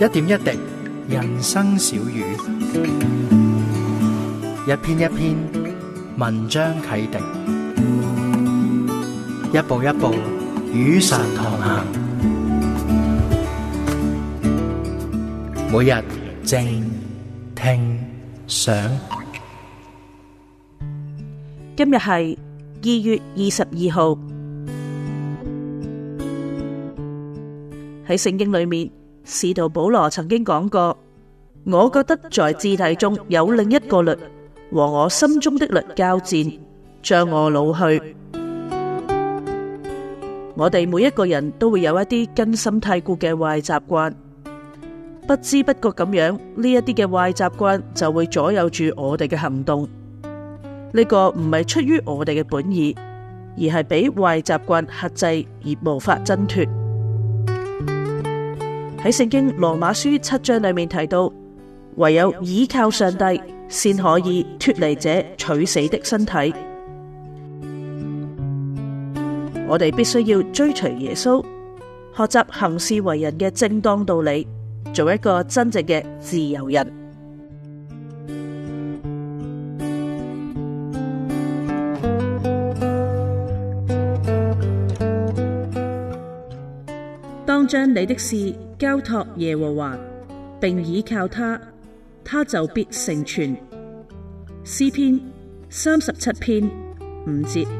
一點一滴，人生小語；一篇一篇，文章啟迪；一步一步，雨傘同行。每日靜聽想，今日係二月二十二號。喺聖經裏面。使徒保羅曾經講過，我覺得在肢體中有另一個律和我心中的律交戰，將我老去。 我哋每一個人都會有一啲根深蒂固嘅壞習慣，不知不覺咁樣呢一啲嘅壞習慣就會左右住我哋嘅行動。呢個唔係出於我哋嘅本意，而係俾壞習慣克制而無法掙脫。喺聖經羅馬書七章裏面提到，唯有倚靠上帝，先可以脫離這取死的身體。我哋必須要追隨耶穌，學習行事為人嘅正當道理，做一個真正嘅自由人。將你的事交託耶和華，並倚靠他，他就必成全。詩篇三十七篇五節。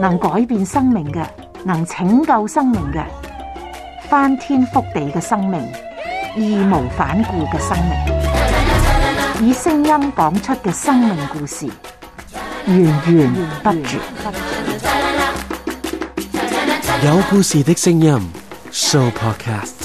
能改變生命嘅，能拯救生命嘅，翻天覆地嘅生命，義無反顧嘅生命，以聲音講出嘅生命故事，源源不絕。有故事的聲音 Sooo Podcast。